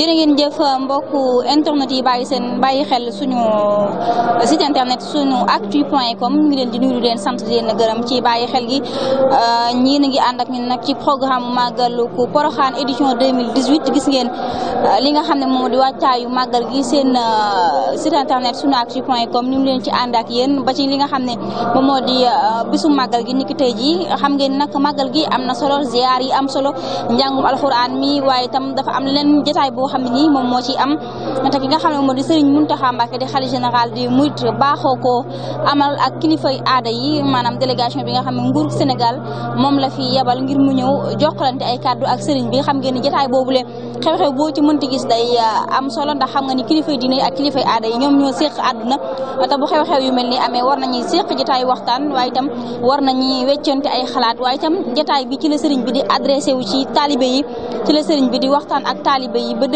jërë ngeen jëf mbokk internet yi bàyyi seen bàyyi xel suñu site internet suñu actu point com ngi leen di nuyu leen sant di gërëm ci bàyyi xel gi euh, ñii na ngi ak ñun nag ci programme màggalu ko Poroxaan édition 2018 gis ngeen euh, li nga xam ne moom di wàccaayu màggal gi seen euh, site internet suñu actu point com ñu ngi leen ci ànd ak yéen ba ci li nga xam ne moom moo di bisu màggal gi niki tey jii xam ngeen nag màggal gi am na solo ziar yi am solo njàngum alxuraan mi waaye tam dafa am leen jotaay boo xam ne nii moom moo ci am te ki nga xam ne moo di Serigne Mountakha Mbacké di xalifa général di murit baaxoo ko amal ak kilifay aada yi maanaam délégation bi nga xam ne nguur Sénégal moom la fi yebal ngir mu ñëw jokkalante ay kàddu ak Serigne bi xam ngeen ni jotaay boobu le xew-xew boo ci mënti gis day uh, am solo ndax xam nga ni kilifay diine ak kilifay aada yi ñoom ñoo séq adduna te bu xew-xew yu mel ni amee war nañuy séq jotaay waxtaan waaye itam war nañuy weccante ay xalaat waaye tam jotaay bi ci la Serigne bi di adressé wu ci taalibe yi ci la bi di waxtaan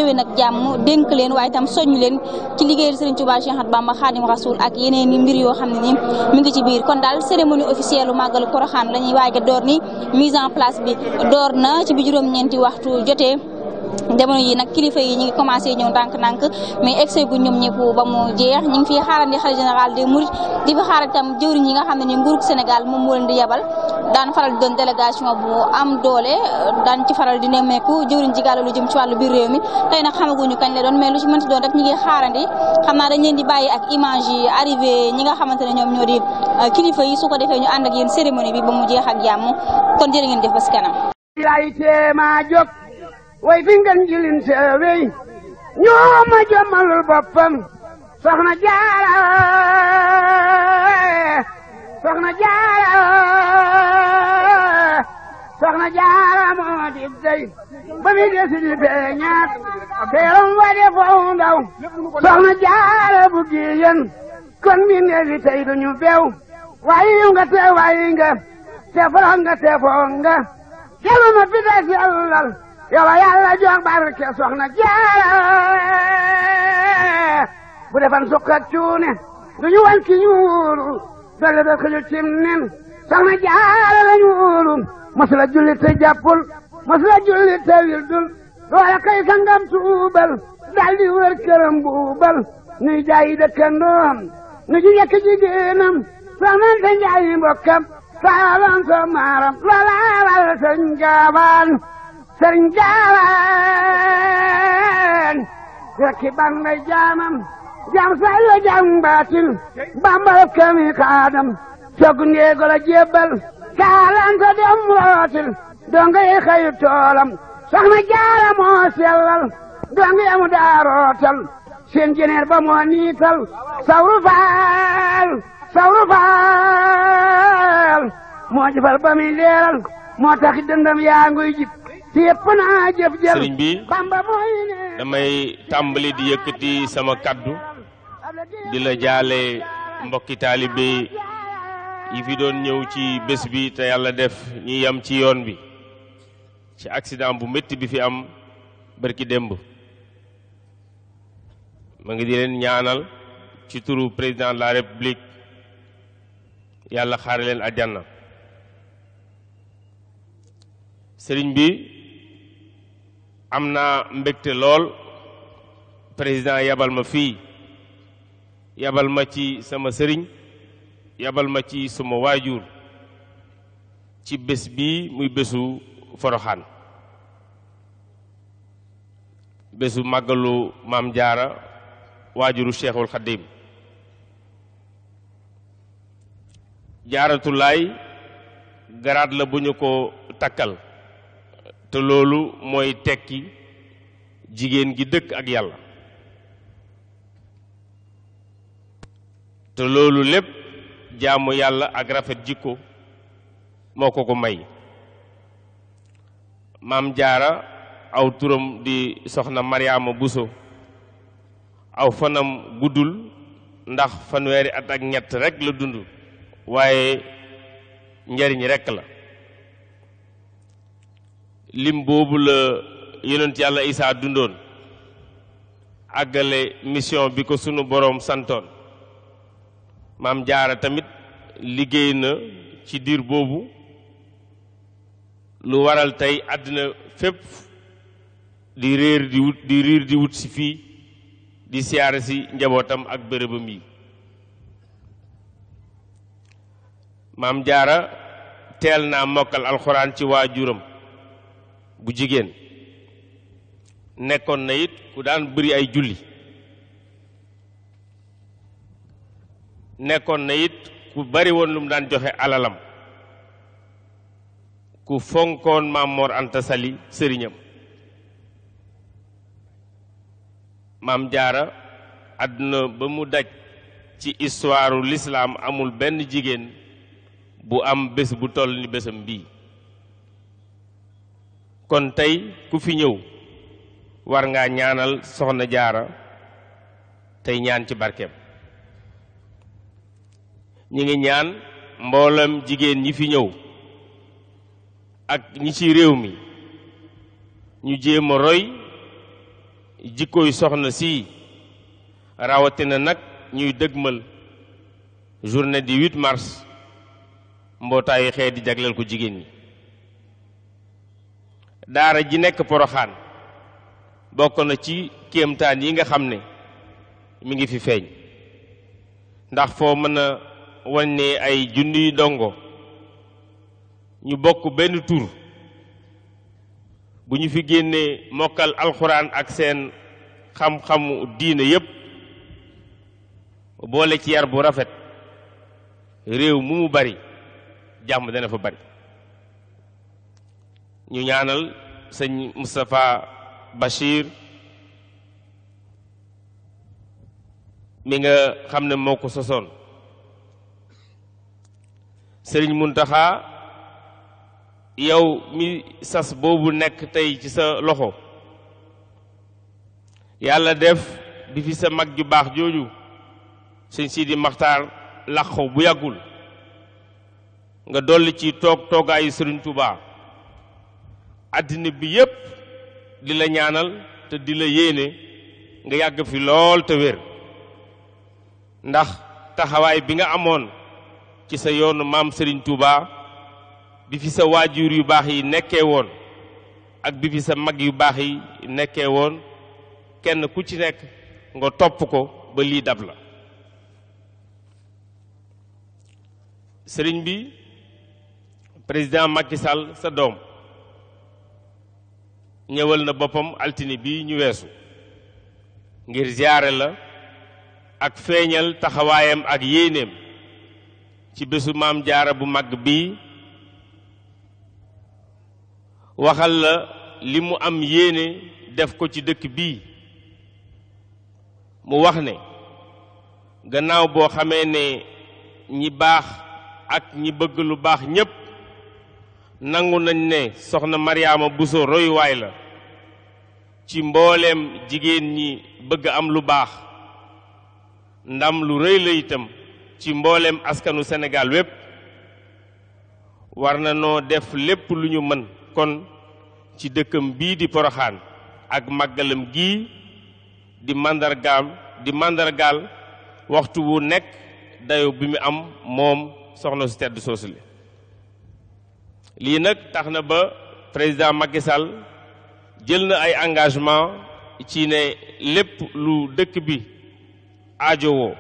déwén ak jàmm dénk leen waaye itam soññ leen ci liggéeyal Serigne Touba Cheikh Ahmadou Bamba Khadim Rasoul ak yeneen i mbir yoo xam ne ni mi ngi ci biir kon daal cérémonie officielle u màggalu Porokhane la a door ni mise en place bi door na ci bi juróom-ñeenti waxtu jotee jamono yi nag kilifa yi ñu ngi commencé ñëw ndànk am doole daan ci faral di nemmeeku jëwriñ ji gàll lu jëm ci wàllu biir réew mi tey nag xamaguñu kañ la doon mais lu ci mënti doon rek xam naa dañ leen di bàyyi ak image yi ñi nga xamante ne ñoom ñoo di euh, kilifa yi su ko defee ñu ànd ak yéen cérémonie bi ba mu jeex ak jàmm kon jërë ngeen def ba si kanam way fi ngeen jilin seewey ñoo ma jommalul boppam soxna jaara soxna jaara soxna jaara moo di dey ba mi desi di feeñaat teeram wa de foofu ndaw soxna jaara bu kon mi neefi tey duñu bew wayu nga te wayu te foro te foo nga jelu ma fi yàlla yàlla jox barke soxna jaara bu defan suq ak cuune du ñu wan ki ñuul doole doole ko ñu cim nen soxna jaara la ñuul masula julli te jàppul masula julli te wildul doole kay sangam tuubal daal wër këram buubal nuy jaayi dëkkandoom nu ji yekk jigéenam soxnante njaayi mbokkam saalan sa maaram loola waral sa njaabaan sëriñ gaawaan rekki bamba jaamam jaam sayla jaam baatin bamba la kami kaadam soggu ndeego la jébbal kaalanta dem rootil donga yi xayu toolam soxna jaara moo sellal donga yamu daa rootal seen jeneer ba moo niital sawru faal sawru faal moo jëfal ba leeral moo tax dëndam yaa nguy jib sëriñ bi damay tàmbali di yëkkati sama kàddu di la jaale mbokki taalibe yi fi doon ñëw ci bés bi te yàlla def ñi yam ci yoon bi ci accident bu metti bi fi am bërki démb ma ngi di leen ñaanal ci turu président de la république yàlla xaare leen àjjana sëriñ bi am naa mbégte lool président yabal ma fii yabal ma ci sama sëriñ yabal ma ci suma waajur ci bés bii muy bésu Poroxaan bésu màggalu maam jaara waajuru Cheikhul Xadim jaaratulaay garaat la bu ñu ko takkal te loolu mooy tekki jigéen gi dëkk ak yàlla te loolu lépp jaamu yàlla ak rafet jikko moo ko ko may maam jaara aw turam di soxna Mariama Buso aw fanam guddul ndax fanweeri at ak ñett rekk la dund waaye njariñ rekk la lim boobu la yonent yàlla isaa dundoon àggale mission bi ko sunu boroom santoon maam jaara tamit liggéey na ci diir boobu lu waral tey àddina fépp di réer di wut di riir di wut si fii di siyaare si njabootam ak bërëbam yi maam jaara teel naa mokkal alxuraan ci waajuram bu jigéen nekkoon na it ku daan bëri ay julli nekkoon na it ku bari woon lu mu daan joxe alalam ku fonkoon maam Mor Anta Sali sëriñam maam jaara àdduna ba mu daj ci histoire lislaam amul benn jigéen bu am bés bu toll ni bésam bii kon tey ku fi ñëw war ngaa ñaanal soxna jaara tey ñaan ci barkeem ñi ngi ñaan mboolam jigéen ñi fi ñëw ak ñi ci réew mi ñu jéem a roy jikkooy soxna si rawatina nag ñuy dëgmal journée du 8 mars mbootaayu xeet di jagleel ko jigéen ñi daara ji nekk poroxaan bokk na ci kéemtaan yi nga xam ne mi ngi fi feeñ ndax foo mën a wane ay junniy dongo ñu bokk benn tur bu ñu fi génnee mokkal alxuraan ak seen xam-xamu diine yépp boole ci yar bu rafet réew mu mu bari jàmm na fa bari ñu ñaanal sëñ Moustapha Bachir mi nga xam ne moo ko sosoon sëriñ Muntaxa yow mi sas boobu nekk tey ci sa loxo yàlla def bi fi sa mag ju baax jooju sëñ Sidi Maxtaar làqu bu yàggul nga dolli ci toog toogaayu sëriñ Touba. àddina bi yépp di la ñaanal te di la yéene nga yàgg fi lool te wér ndax taxawaay bi nga amoon ci sa yoonu maam sëriñ Touba bi fi sa waajur yu baax yi nekkee woon ak bi fi sa mag yu baax yi nekkee woon kenn ku ci nekk nga topp ko ba lii dab la sëriñ bi président Macky Sall sa doom ñëwal na boppam altine bii ñu weesu ngir ziyaare la ak feeñal taxawaayam ak yéeneem ci bésu maam jaara bu mag bii waxal la li mu am yéene def ko ci dëkk bii mu wax ne gannaaw boo xamee ne ñi baax ak ñi bëgg lu baax ñépp nangu nañ ne soxna bu Bousso royuwaay la ci mbooleem jigéen ñi bëgg am lu baax ndam lu rëy la itam ci mbooleem askanu senegaal wépp war na noo def lépp lu ñu mën kon ci dëkkam bii di Poroxaan ak màggalam gii di màndargaal di waxtu wu nekk dayo bi mu am moom soxna su tedd soosu li lii nag tax na ba président Macky Sall jël na ay engagement ci ne lépp lu dëkk bi aajowoo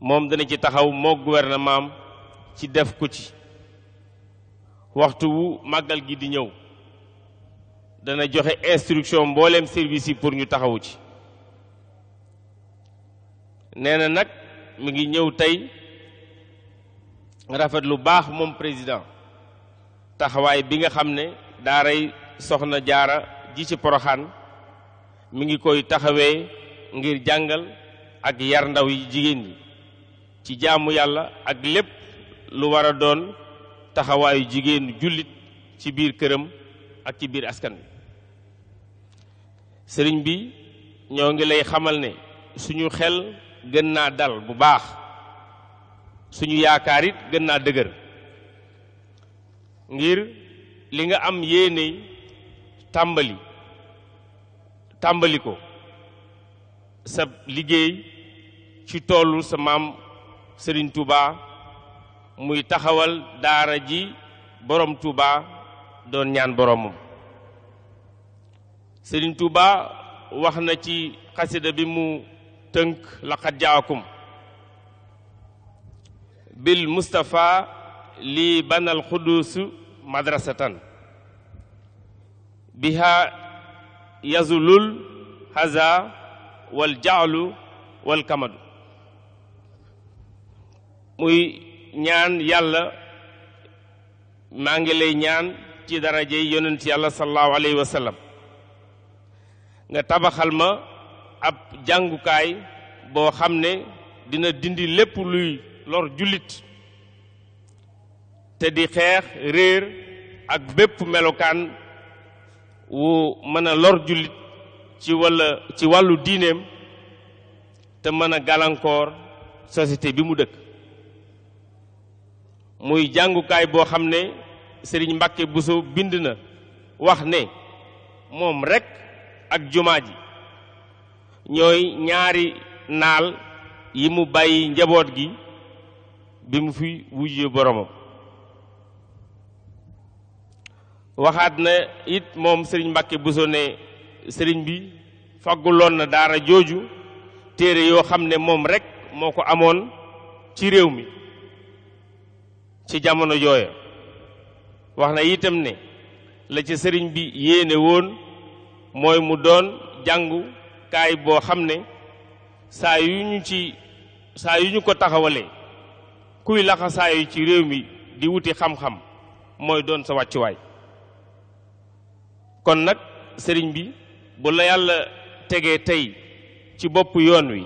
moom dana ci taxaw moo gouvernement am ci def ko ci waxtu wu màggal gi di ñëw dana joxe instruction mbooleem service yi pour ñu taxawu ci neena nag mu ngi ñëw tey rafet lu baax moom président taxawaay bi nga xam ne daaray soxna jaara ji ci poroxaan mu ngi koy taxawee ngir jàngal ak yar ndaw yi jigéen ñi ci jaamu yàlla ak lépp lu war a doon taxawaayu jigéenu jullit ci biir këram ak ci biir askan wi sëriñ bi ñoo ngi lay xamal ne suñu xel gën naa dal bu baax suñu yaakaar it gën naa dëgër ngir li nga am yéene tàmbali tàmbali ko sa liggéey ci toolu sa maam Serigne Touba muy taxawal daara ji borom Touba doon ñaan boromam Serigne Touba wax na ci xasida bi mu tënk laqad jaakum bil mustafa lii banal xuduusu madrasatan biha yazulul haza wal jaalu wal kamadu muy ñaan yàlla maa ngi lay ñaan ci darajey yonent yàlla sallallahu alayhi wa nga tabaxal ma ab jàngukaay boo xam ne dina dindi lépp luy lor jullit te di xeex réer ak bépp melokaan wu mën a lor jullit ci wàllu diineem te mën a gàllankoor société bi mu dëkk muy jàngukaay boo xam ne mbakke bu Bousso bind na wax ne moom rekk ak jumaa ji ñooy ñaari naal yi mu bàyyi njaboot gi bi mu fi wujje boromam waxaat na it moom sëriñ Mbàkke Buso ne sëriñ bi fagguloon na daara jooju téere yoo xam ne moom rekk moo ko amoon ci réew mi ci jamono jooya wax na itam ne la ci sëriñ bi yéene woon mooy mu doon jàngu kaay boo xam ne saa yu ñu ci saa yu ñu ko taxawalee kuy laxasaayu ci réew mi di wuti xam-xam mooy doon sa wàccuwaay kon nag sëriñ bi bu la yàlla tegee tey ci bopp yoon wi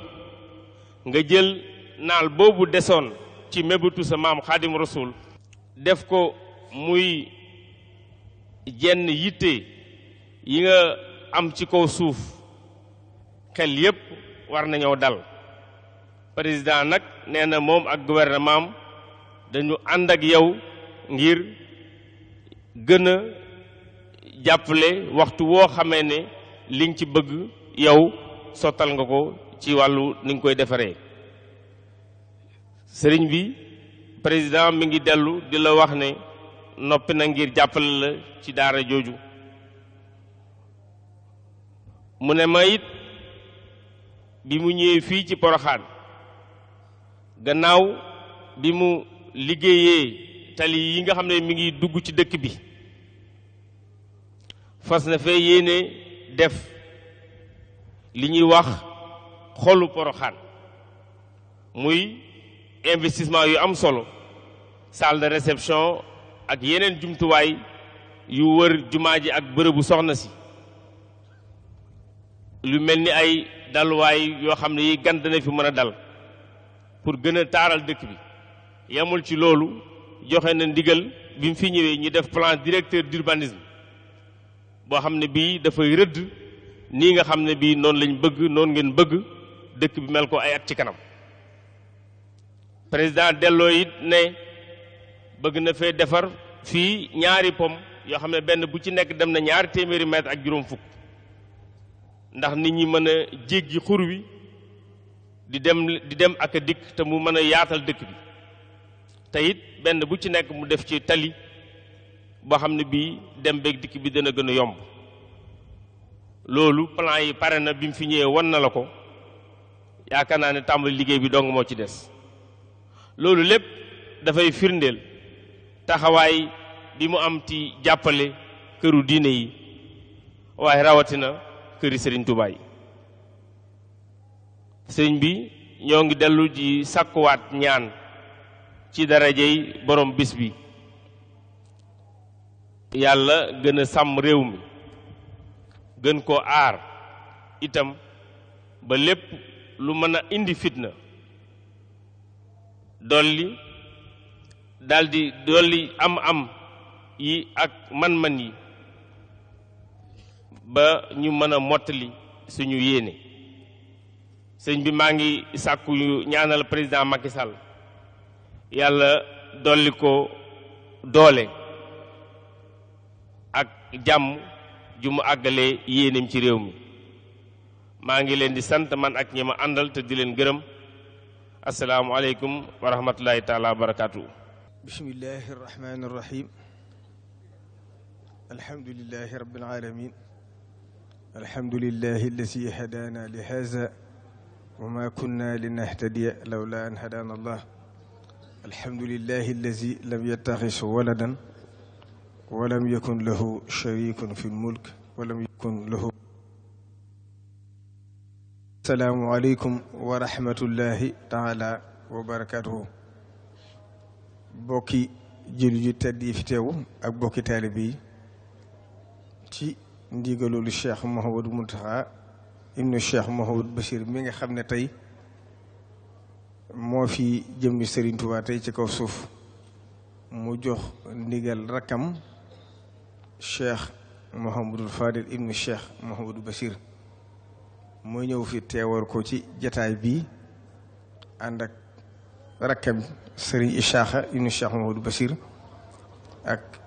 nga jël naal boobu desoon ci mébétu sa maam xaadim rasul def ko muy jenn yitte yi nga am ci kaw suuf xel yépp war nañoo dal président nag nee na moom ak gouvernement dañu ànd ak yow ngir gën a jàppale waxtu woo xame ne liñ ci bëgg yow sottal nga ko ci wàllu ni nga koy defaree sëriñ bi président mi ngi dellu di la wax ne noppi na ngir jàppale la ci daara jooju mu ne ma it bi mu ñëwee fii ci poroxaan gannaaw bi mu liggéeyee tali yi nga xam ne mi ngi dugg ci dëkk bi fas na fee yéene def li ñuy wax xolu poroxaan muy investissement yu am solo salle de réception ak yeneen jumtuwaay yu wër jumaa ji ak bërëbu soxna si lu mel ni ay dalwaay yoo xam ne yi gan dana fi mën a dal pour gën a taaral dëkk bi yamul ci loolu joxe na ndigal bi mu fi ñëwee ñu def plan directeur d'urbanisme boo xam ne bii dafay rëdd nii nga xam ne bii noonu lañ bëgg noonu ngeen bëgg dëkk bi mel ko ay at ci kanam président delloo it ne bëgg na fee defar fii ñaari pom yoo xam ne benn bu ci nekk dem na ñaari téeméeri mètre ak juróom fukk ndax nit ñi mën a jéggi xur wi di dem di dem ak dikk te mu mën a yaatal dëkk bi te it benn bu ci nekk mu def ci tali boo xam ne bii dem beeg dikk bi dana gën a yomb loolu plan yi pare na bi mu fi ñëwee won na la ko yaakaar naa ne tàmbali liggéey bi dong moo ci des loolu lépp dafay firndeel taxawaay bi mu am ti jàppale këru diine yi waaye rawatina këri Serigne Touba yi sëñ bi ñoo ngi dellu ji sàkkuwaat ñaan ci darajey borom bis bi yàlla gën a sàmm réew mi gën ko aar itam ba lépp lu mën a indi fitna dolli daldi dolli am am yi ak man-man yi ba ñu mën a mottali suñu yéene sëñ bi maa ngi sàkku ñaanal président Macky Sall yàlla dolli ko doole ak jàmm ju mu àggalee yéeneem ci réew mi maa ngi leen di sant man ak ñi ma àndal te di leen gërëm asalaamualeykum wa rahmatullahi taala wa barakaatu. bismillahi rahmaani rahim alhamdulillahi rabbil alamin alhamdulillahi alladi hadana li haza وما كنا لنهتدي لولا أن هدانا الله الحمد لله الذي لم يتخذ ولدا ولم يكن له شريك في الملك ولم يكن له السلام عليكم ورحمة الله تعالى وبركاته bokki jël yu tedd yi fi teew ak bokki taalibe yi ci ndigalolu Cheikh Mouhamadou Mountakha ibnu Cheikh Mouhamadou Bachir mi nga xam ne tey moo fi jëmmi Serigne Touba tey ci kaw suuf mu jox ndigal rakkam Cheikh Mouhamadou Fadil ibnu Cheikh Mouhamadou Bachir mu ñëw fi teewal ko ci jataay bi ànd ak rakkam Serigne Ishaxa ibnu Cheikh Mouhamadou Bachir ak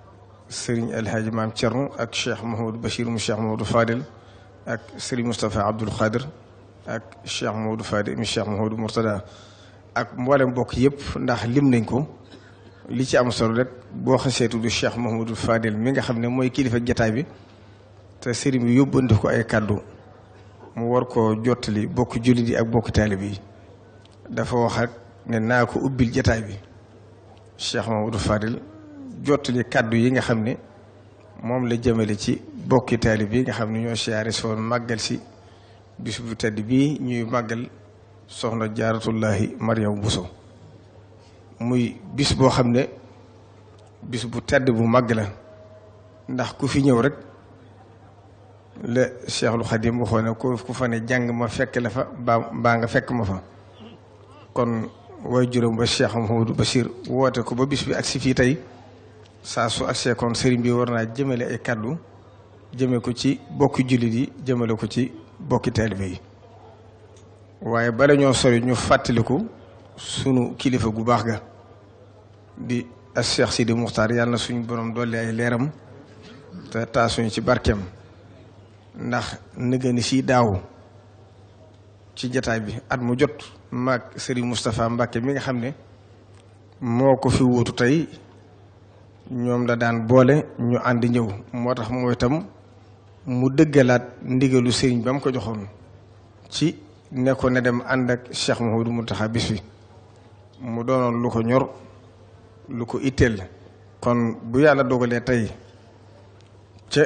sëriñ El Hadj Maam Thierno ak Cheikh Mouhamadou Bachir mu Cheikh Mouhamadou Fadil. ak Serigne Moustapha Abdoul Khadir ak Cheikh Maodo Fadi mi Cheikh Maodo ak mboolem mbokk yëpp ndax lim nañ ko li ci am solo rek boo xasee tudd Cheikh Mahamadou Fadel mi nga xam ne mooy kilifa jataay bi te sëriñ bi yóbbandi ko ay kàddu mu war koo jottali bokk jullit ak bokk taalib yi dafa wax naa ko ubbil jataay bi Cheikh Mahamadou Fadel jottali kàddu yi nga xam ne moom la jëmale ci bokki taalib yi nga xam ne ñoo siyaare soon màggal si bis bu tedd bi ñuy màggal soxna jaaratullahi Mariam Bousso muy bis boo xam ne bis bu tedd bu màgg la ndax ku fi ñëw rek la Cheikhul mu waxoon ne ku ku fa ne jàng ma fekk la fa ba nga fekk ma fa kon way juróom ba Cheikh Mouhamadou Bachir woote ko ba bis bi ak si fii tey saa su ak seekoon sëriñ bi war naa jëmale ay kàddu jëme ko ci bokki jullit yi jëmale ko ci bokki taalibe yi waaye bala ñoo sori ñu fàttaliku sunu kilifa gu baax ga di as Cheikh Sidi Muxtaar yàlla na suñu borom dolli ay leeram te taasuñu ci barkeem ndax nëgëni si daaw ci jataay bi at mu jot maag Serigne Moustapha Mbacke mi nga xam ne moo ko fi wuutu tey ñoom la daan boole ñu ànd ñëw moo tax mooy itam mu dëggalaat ndigalu sëriñ ba mu ko joxoon ci nekkoon ko na dem ànd ak Cheikh mu Mountakha bis bi mu doonoon lu ko ñor lu ko itteel kon bu yàlla dogalee tey ca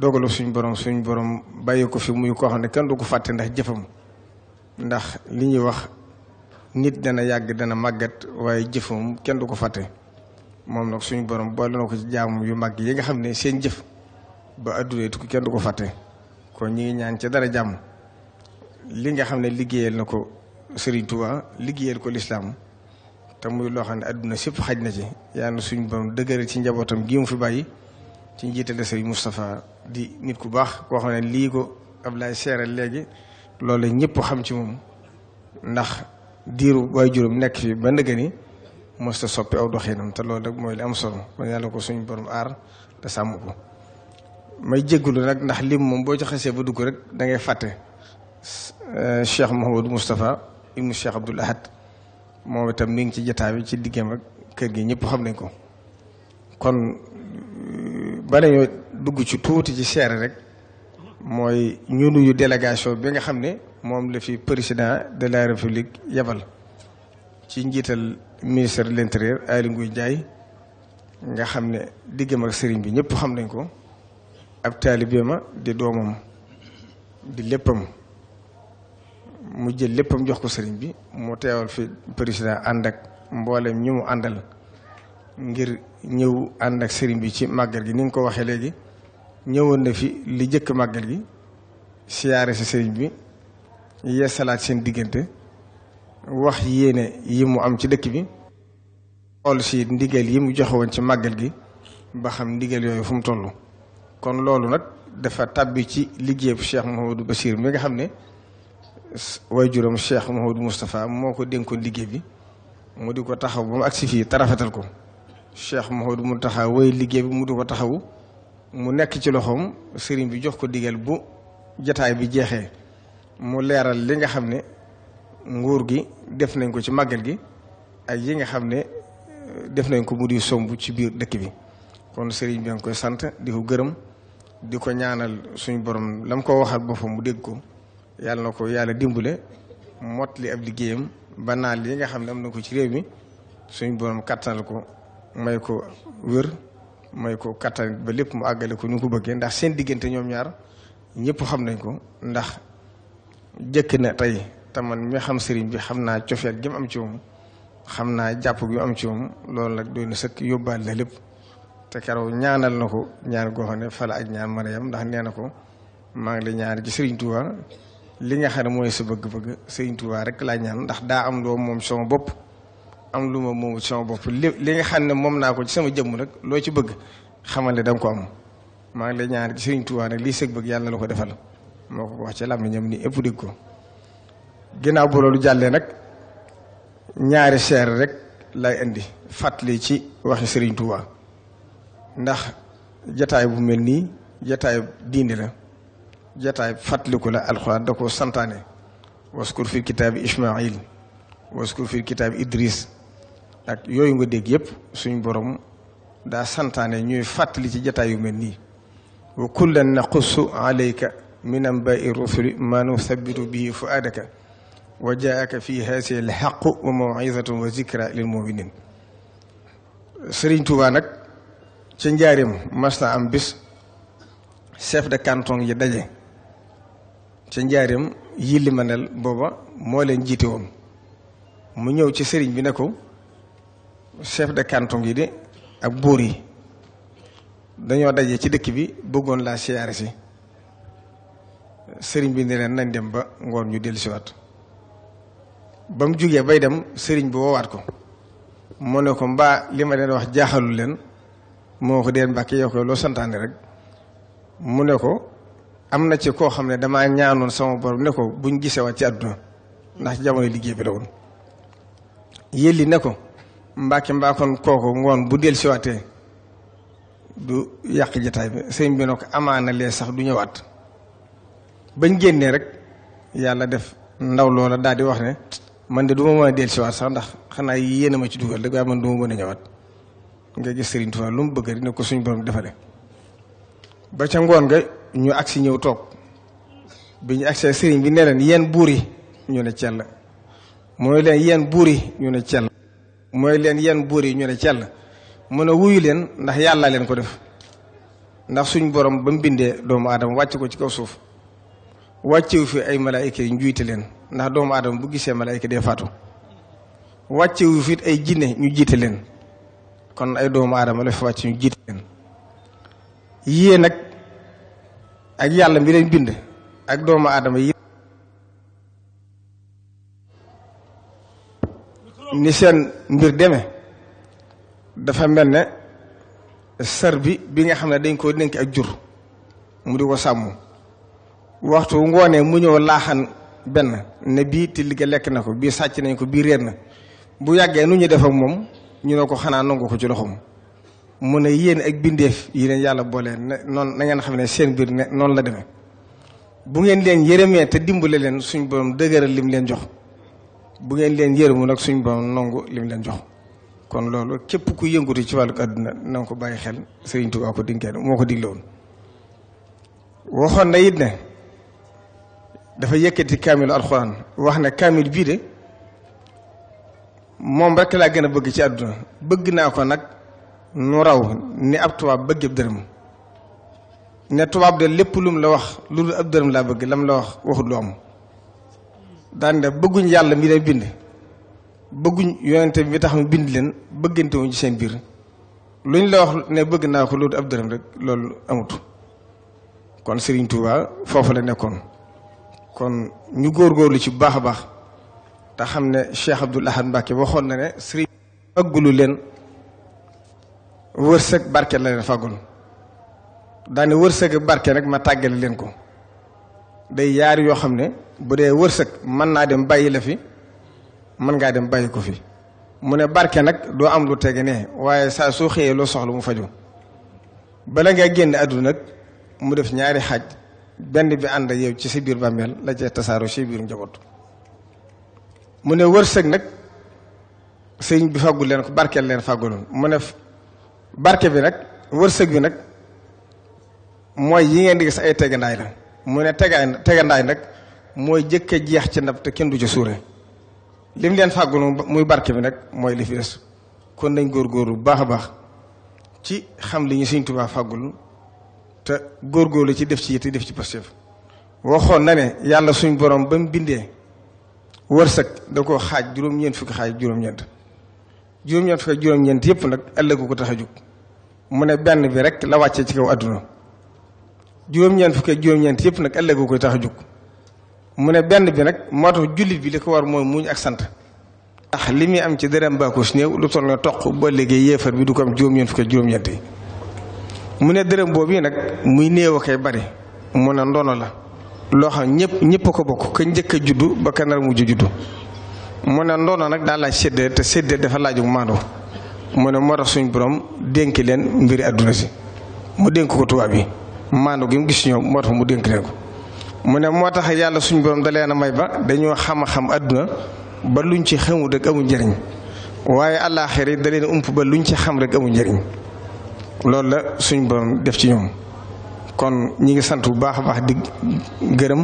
dogalu suñ borom suñ borom bàyyi ko fi muy koo xam ne kenn du ko fàtte ndax jëfam ndax li ñuy wax nit dana yàgg dana màggat waaye jëfam kenn du ko fàtte moom nag suñu borom boole na ko ci jaamu yu màgg yi nga xam ne seen jëf ba adduna tukki kenn du ko fàtte kon ñi ngi ñaan ca dara jàmm li nga xam ne liggéeyal na ko Serigne Touba liggéeyal ko lislaam te muy loo xam ne adduna sépp xaj na ci yàlla suñu borom dëgëral ci njabootam gi mu fi bàyyi ci njiitale Serigne Moustapha di nit ku baax koo xam ne lii ko Ablaye seeral léegi loolu ñëpp xam ci moom ndax diiru waay juróom nekk fi ba ndëgë ni mos ta soppi aw doxinam te lool rek mooy li am solo kon yàlla ko suñu borom aar te sàmm ko may jéggulu nag ndax lim moom boo ci ba dugg rek da ngay fàtte euh, Cheikh Mouhamadou Moustapha ibnu Cheikh Abdoul Ahad moom itam mi ngi ci jotaay bi ci diggam ak kër gi ñëpp xam nañ ko kon euh, ba ci tuuti ci seere rek mooy ñu délégation bi nga xam ne moom la fi président de la république yabal ci njiital ministre de l'intérieur Aly Ngouille Ndiaye nga xam ne diggam ak sëriñ bi ñëpp xam nañ ko ab taalibe ma di doomam di léppam mu jël léppam jox ko sëriñ bi mu teewal fi président ànd ak mboolem ñu mu àndal ngir ñëw ànd ak sëriñ bi ci màggal gi ni nga ko waxee léegi ñëwoon na fi li jëkk màggal gi siyaare si sëriñ bi yeesalaat seen diggante wax yéene yi mu am ci dëkk bi xool si ndigal yi mu joxe ci màggal gi ba xam ndigal yooyu fu mu toll kon loolu nag dafa tàbbi ci liggéey liggéeyub Cheikh Mouhamadou Bachir mi nga xam ne waajuram Cheikh Mouhamadou Moustapha moo ko dénkoon liggéey bi mu di ko taxaw ba mu agsi fii tarafetal ko Cheikh Mouhamadou mu taxaw liggéey bi mu di ko taxawu mu nekk ci loxoom sëriñ bi jox ko digal bu jataay bi jeexee mu leeral li nga xam ne nguur gi def nañ ko ci màggal gi ak yi nga xam ne def nañ ko mu di somb ci biir dëkk bi kon sëriñ bi nga koy sant di ko gërëm di ko ñaanal suñu borom lam ko waxal ba mu dégg ko yàlla na ko yàlla dimbale mot li ab liggéeyam ba naal yi nga xam ne am na ko ci réew mi suñu borom kattanal ko may ko wér may ko kattan ba lépp mu àggale ko ni ko bëggee ndax seen diggante ñoom ñaar ñëpp xam nañ ko ndax jëkk na tey te man mi xam sëriñ bi xam naa cofeel gi am ci xam naa jàpp gi am ci moom loolu nag doy na sëkk yóbbaale la lépp. te keroog ñaanal na ko ñaan goo xam ne fala ak ñaan mën yam ndax nee na ko maa ngi la ñaan ci Serigne li nga xam ne mooy sa bëgg-bëgg Serigne rek laa ñaan ndax daa am loo moom sama bopp am lu ma moomu sama li nga xam ne moom naa ko ci sama jëmm rek loo ci bëgg xamal ne da nga ko am maa ngi la ñaan ci Serigne nag lii sëg bëgg yàlla na la ko defal moo ko wax ci làmmiñam ni ëpp dégg ko ginnaaw bu loolu jàllee nag ñaari seer rek lay indi fàttali ci waxi Serigne ndax jataay bu mel nii jataay diini la jataay fàttaliku la alxuraan da koo santaane waskur fil kitaabi ismail waskur fil kitaabi idris ak yooyu nga dégg yëpp suñ borom daa santaane ñuy fàttali ci jataay mel nii wa kullan naqussu alayka min ambai rusuli ma nusabitu bihi fuadaka wa jaaka fi haasihi alxaqu wa mawizatun wa zikra lil muminin sëriñ Tuubaa ci njaarim mas na am bis chef de canton yi daje ci njaarim yilli manel booba moo leen jiite woon mu ñëw ci sëriñ bi ne ko de canton yi de ak buur yi dañoo daje ci dëkk bi bëggoon laa siyaare si sëriñ bi ne leen nañ dem ba ngoon ñu dellusiwaat ba mu jógee bay dem sëriñ bi woowaat ko mu ne ko mbaa li ma leen wax jaaxalu leen moo ko deen mbàkke yow koy loo santaane rek mu ne ko am na ci koo xam ne damaa ñaanoon sama borom ne ko buñ gisee waat ci àdduna ndax ci jamono liggéey bi la woon yëlli ne ko mbàkke mbaakoon kooku ngoon bu del siwaatee du yàq jataay bi sëñ bi ne ko amaana lee sax du ñëwaat bañ génnee rek yàlla def ndaw loola daa di wax ne man de du ma mën a dellusiwaat sax ndax xanaa yéen a ma ci dugal da waaye man du ma mën a ñëwaat nga gis Serigne Touba lu mu bëgg dina ko suñ borom defale ba ca ngoon nga ñu agsi ñëw toog bi ñu agsee Serigne bi ne leen yéen buur yi ñu ne cell mooy leen yéen buur yi ñu ne cell mooy leen yéen buur yi ñu ne cell ne wuyu leen ndax yàlla leen ko def ndax suñ borom ba mu bindee doomu aadama wàcc ko ci kaw suuf wàccewu fi ay malaayika yi njuuyte leen ndax doomu aadama bu gisee malaayika dee faatu wàccewu fi ay jinne ñu jiite leen kon ay doomu aadama la fi wàcc ñu jiite leen yii nag ak yàlla mi leen bind ak doomu adama yi ni seen mbir deme dafa mel ne sër bi bi nga xam ne dañ koo dénk ak jur mu di ko sàmm waxtu ngoonee mu ñëw laaxan benn ne bii till ga lekk na ko bii sàcc nañ ko bii réer na bu yàggee nu ñu def ak moom ñu ne ko xanaa nangu ko ci loxoom mu ne yéen ak bindeef yi leen yàlla boole ne noonu na ngeen xam ne seen biir ne noonu la demee bu ngeen leen yërëmee te dimbale leen suñ bon dëgëral lim leen jox bu ngeen leen yërëmu nag suñ borom nangu lim leen jox kon loolu képp ku yëngatu ci wàllu àdduna na ko bàyyi xel Sëriñ Tuubaa ko dinkee moo ko digloon waxoon na it ne dafa yëkkati kaamilu alxuraan wax ne kaamil bii de. moom rek laa gën a bëgg ci àdduna bëgg naa ko nag nu raw ni ab tubaab bëgg ab dërëm ne tubaab de lépp lum la wax lu dul ab dërëm laa bëgg lam la wax waxut lu am daan bëgguñ yàlla mi lay bind bëgguñ yonente bi tax mu bind leen bëggante wuñ ci seen biir luñ la wax ne bëgg naa ko loolu ab dërëm rek loolu amut kon sëriñ Touba foofu la nekkoon kon ñu góor góor lu ci bu baax a baax te xam ne Cheikh Abdoul Ahad Mbacke waxoon na ne sëriñ faggulu leen wërsëg barke la leen faggul daane wërsëg barke nag ma tàggale leen ko day yaar yoo xam ne bu dee wërsëg mën naa dem bàyyi la fi mën ngaa dem bàyyi ko fi mu ne barke nag doo am lu tege ne waaye saa soo xëyee loo soxla mu faju bala ngaa génn àdduna nag mu def ñaari xaaj benn bi ànd ak yow ci sa biir bàmmeel la cee tasaaroo ci biir njaboot mu ne wërsëg nag sëñ bi faggul leen ko barkeel leen fagguloon mu ne barke bi nag wërsëg bi nag mooy yi ngeen di gis ay tegandaay la mu ne tegaay tegandaay nag mooy jëkk jeex ci ndab te kenn du ci suure lim leen fagguloon muy barke bi nag mooy li fi des kon nañ góorgóorlu bu baax a baax ci xam li ñu Sëñ Tuubaa faggul te góorgóorlu ci def ci yitte def ci positif waxoon na ne yàlla suñ borom ba mu bindee war wërsëg da koo xaaj juróom-ñeent fukki xaaj juróom-ñeent juróom-ñeent juróom-ñeent yëpp nag ëllëgu ko tax a jóg mu ne benn bi rek la wàccee ci kaw àdduna juróom-ñeent fukki juróom yëpp nag ëllëgu tax a jóg mu ne benn bi nag moo tax jullit bi li ko war mooy muñ ak sant. tax li muy am ci dërëm baako si néew lu toll na toq ba léegi yéefar bi du ko am juróom-ñeent fukki juróom-ñeent yi mu ne dërëm boobu nag muy néew koy bari mu ne ndono la. loo xam ñëpp ñëpp ko bokk ka njëkk a juddu ba ka nar mujj juddu mu ne ndono nag daa laaj séddee te séddee dafa laaju maandoo mu ne moo tax suñu borom dénk leen mbiri àdduna si mu dénk ko tubaab yi maandoo gi mu gis ñoom moo tax mu dénk leen ko mu ne moo tax yàlla suñu borom da leen a may ba dañoo xam a xam àdduna ba luñ ci xamul rek amu njëriñ waaye àllaaxira da leen ump ba luñ ci xam rek amu njariñ loolu la suñu borom def ci ñoom. kon ñi ngi sant bu baax a baax di gërëm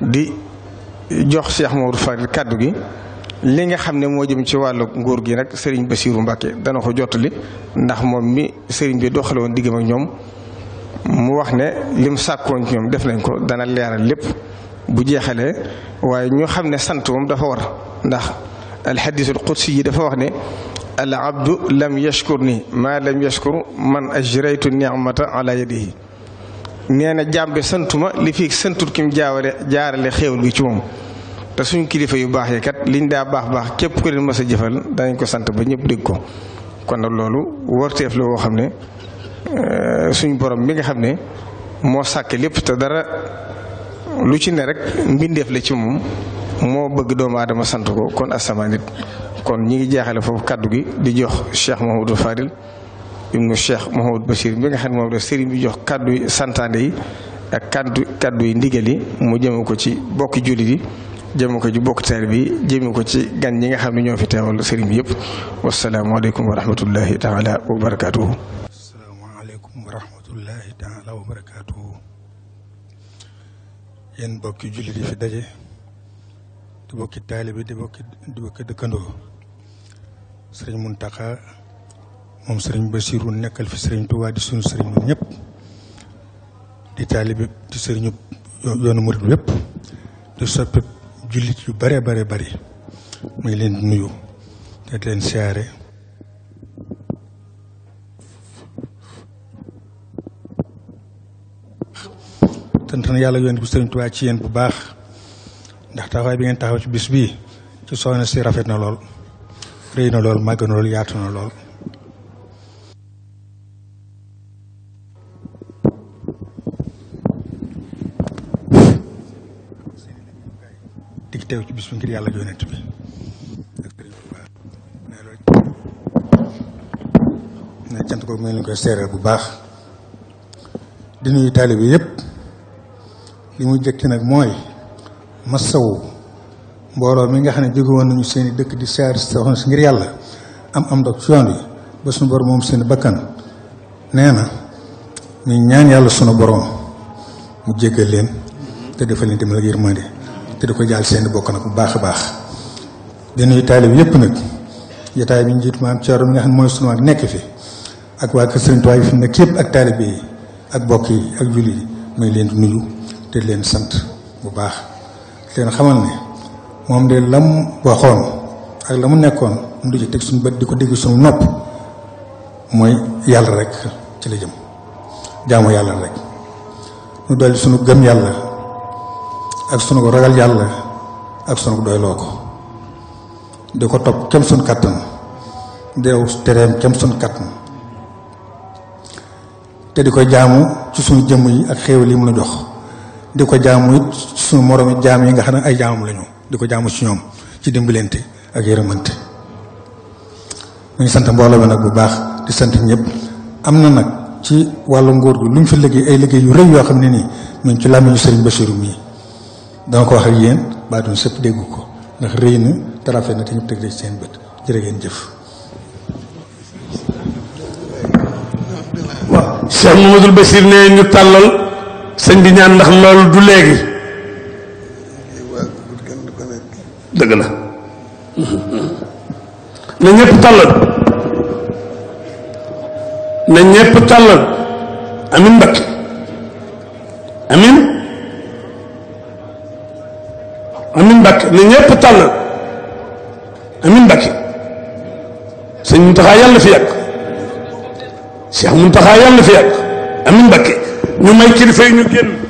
di jox Cheikh Maodo Fall kàddu gi li nga xam ne moo jëm ci wàllu nguur gi rek nag ba Bassirou Mbacke dana ko jottali ndax moom mi sëriñ bi doxale woon diggam ñoom mu wax ne lim sàkkoon ci ñoom def nañ ko dana leeral lépp bu jeexalee waaye ñu xam ne sant moom dafa war ndax alxadiisul qudsi yi dafa wax ne al abdu lam yashkur ni maa lam yashkur man ajraytu nicmata ala yadihi nee na jaam bi santuma li fi santul kim jaawale jaarale xéewal gi ci moom te suñ kilifa yu baax yi kat liñ daa baax baax képp ku leen mës a jëfal daañ ko sant ba ñëpp dégg ko kon nag loolu warteef la woo xam ne euh, suñ borom bi nga xam ne moo sàkk lépp te dara lu ci ne rek mbindeef la ci moom moo bëgg doomu aadama sant ko kon asamaan nit kon ñi ngi jaaxale foofu kàddu gi di jox Cheikh Mahamadou Fadil ibnu Cheikh Mouhamadou Bachir bi nga xam ne moom la sëriñ bi jox kàddu yi santaande yi ak kàddu kàddu yi ndigal mu jëme ko ci bokki jullit yi jëme ko ci bokki taal bi jëme ko ci gan ñi nga xam ne ñoo fi teewal sëriñ bi yëpp wasalaamaaleykum wa rahmatullahi taala wa barakaatuhu. bokki jullit yi fi daje di bokki taalibe di bokki di bokki sëriñ Mountakha. moom ba Basiru nekkal fi sëriñ tuwaa di sunu sëriñ ñun ñëpp di taalibe di sëriñu yoonu murit yëpp di soppi jullit yu bare bare bari muy leen di nuyu te leen siyaare sant na yàlla yoon bi sëriñ ci yéen bu baax ndax taxawaay bi ngeen taxaw ci bis bii ci soxna si rafet na lool rëy na lool màgg na lool yaatu na lool teew ci bis bi ngir yàlla yonent bi ne cant ko mu ngi koy seeral bu baax di nuyu taalibe yépp li mu jëkk nag mooy masawu mbooloo mi nga xam ne jóge woon nañu seeni dëkk di saar soxna si ngir yàlla am am dog ci yoon ba suñu borom moom seeni bakkan nee na ñu ñaan yàlla sunu borom mu jéggal leen te defal leen dimbal yërmande te di ko jaal seen bokk nag bu baax a baax di nuyu taalib yépp nag jataay bi njiit maam Thierno bi nga xam mooy sunu ak nekk fi ak waa kër Sëriñ Tuubaa fi nekk yépp ak taalib yi ak bokk yi ak julli yi leen di nuyu te leen sant bu baax leen xamal ne moom de lam waxoon ak la mu nekkoon mu du ci teg suñu bët di ko dégg suñu nopp mooy yàlla rek ci la jëm jaamu yàlla rek ñu dolli suñu gëm yàlla ak sunu ko ragal yàlla ak sunu ko doyloo ko di ko topp kem sun kàttan deew tereem kem sun kàttan te di ko jaamu ci sunu jëmm yi ak xéewal yi mun a jox di ko jaamu it ci sunu moroomi jaam yi nga xam ne ay jaamam lañu di ko jaamu ci ñoom ci dimbalante ak yërëmante ñu ngi sant mbooloo mi nag bu baax di sant ñëpp am na nag ci wàllu nguur gi lu ñu fi liggéey ay liggéey yu rëy yoo xam ne nii ñu ci làmmiñu Serigne Bassirou mii dama ko wax ak yéen baatu sëpp déggu ko ndax rëy na te rafet na te seen bët jërë ngeen jëf. waaw Cheikh Mamadou ne ñu tàllal sëñ bi ñaan ndax loolu du léegi. dëgg la. na ñëpp amin mbakk amin. amin Mbàkke ne ñëpp tàllal amin Mbàkke sëñ Muntaxa yàlla fi yàgg Cheikh Muntaxa yàlla fi yàgg amin Mbàkke ñu may kilifa yi ñu génn